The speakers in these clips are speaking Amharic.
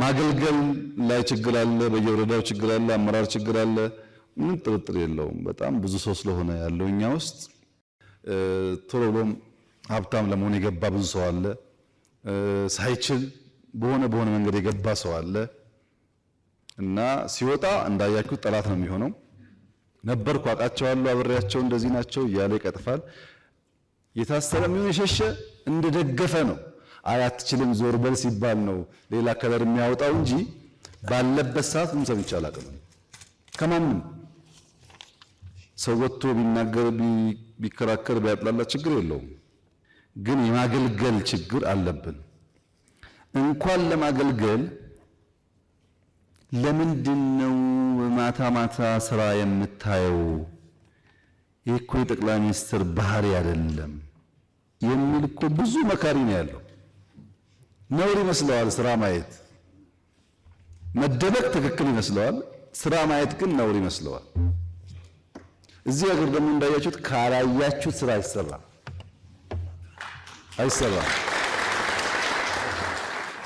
ማገልገል ላይ ችግር አለ፣ በየወረዳው ችግር አለ፣ አመራር ችግር አለ። ምንም ጥርጥር የለውም። በጣም ብዙ ሰው ስለሆነ ያለው እኛ ውስጥ ቶሎ ብሎም ሀብታም ለመሆን የገባ ብዙ ሰው አለ። ሳይችል በሆነ በሆነ መንገድ የገባ ሰው አለ እና ሲወጣ እንዳያችሁ ጠላት ነው የሚሆነው። ነበርኩ፣ አውቃቸዋለሁ፣ አብሬያቸው እንደዚህ ናቸው እያለ ይቀጥፋል። የታሰረ የሚሆን የሸሸ እንደደገፈ ነው። አያትችልም ዞር በል ሲባል ነው ሌላ ከለር የሚያወጣው እንጂ ባለበት ሰዓት ምን ሰምቼ አላውቅም። ከማንም ሰው ወጥቶ ቢናገር ቢከራከር ቢያጥላላ ችግር የለውም። ግን የማገልገል ችግር አለብን። እንኳን ለማገልገል ለምንድን ነው ማታ ማታ ስራ የምታየው? ይህ እኮ የጠቅላይ ሚኒስትር ባህሪ አይደለም የሚል እኮ ብዙ መካሪ ነው ያለው። ነውር ይመስለዋል ስራ ማየት። መደበቅ ትክክል ይመስለዋል፣ ስራ ማየት ግን ነውር ይመስለዋል። እዚህ ሀገር ደግሞ እንዳያችሁት ካላያችሁት ስራ አይሰራም አይሰራም።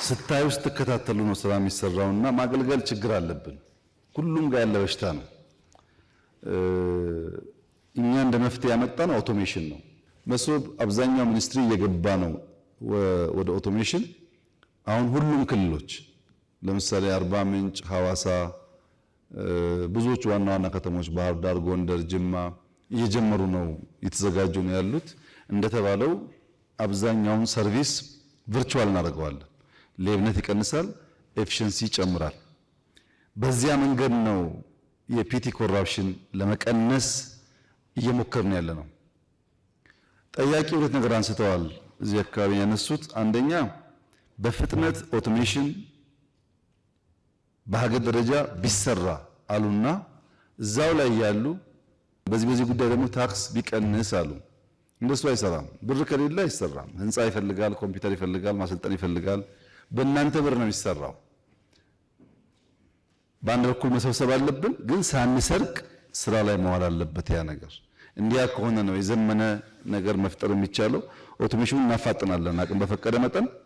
ስታዩ ስትከታተሉ ነው ስራ እና ማገልገል ችግር አለብን። ሁሉም ጋር ያለ በሽታ ነው። እኛ እንደ መፍትሄ ነው አውቶሜሽን ነው። መሶብ አብዛኛው ሚኒስትሪ እየገባ ነው ወደ ኦቶሜሽን አሁን ሁሉም ክልሎች ለምሳሌ አርባ ምንጭ፣ ሐዋሳ፣ ብዙዎች ዋና ዋና ከተሞች ባህር ዳር፣ ጎንደር፣ ጅማ እየጀመሩ ነው እየተዘጋጁ ነው ያሉት። እንደተባለው አብዛኛውን ሰርቪስ ቨርቹዋል እናደርገዋለን። ሌብነት ይቀንሳል፣ ኤፊሽንሲ ይጨምራል። በዚያ መንገድ ነው የፒቲ ኮራፕሽን ለመቀነስ እየሞከርን ያለ ነው። ጠያቂ ሁለት ነገር አንስተዋል እዚህ አካባቢ ያነሱት አንደኛ በፍጥነት ኦቶሜሽን በሀገር ደረጃ ቢሰራ አሉና እዛው ላይ ያሉ በዚህ በዚህ ጉዳይ ደግሞ ታክስ ቢቀንስ አሉ። እንደሱ አይሰራም። ብር ከሌለ አይሰራም። ህንፃ ይፈልጋል፣ ኮምፒውተር ይፈልጋል፣ ማሰልጠን ይፈልጋል። በእናንተ ብር ነው የሚሰራው። በአንድ በኩል መሰብሰብ አለብን፣ ግን ሳንሰርቅ ስራ ላይ መዋል አለበት ያ ነገር። እንዲያ ከሆነ ነው የዘመነ ነገር መፍጠር የሚቻለው። ኦቶሜሽኑን እናፋጥናለን አቅም በፈቀደ መጠን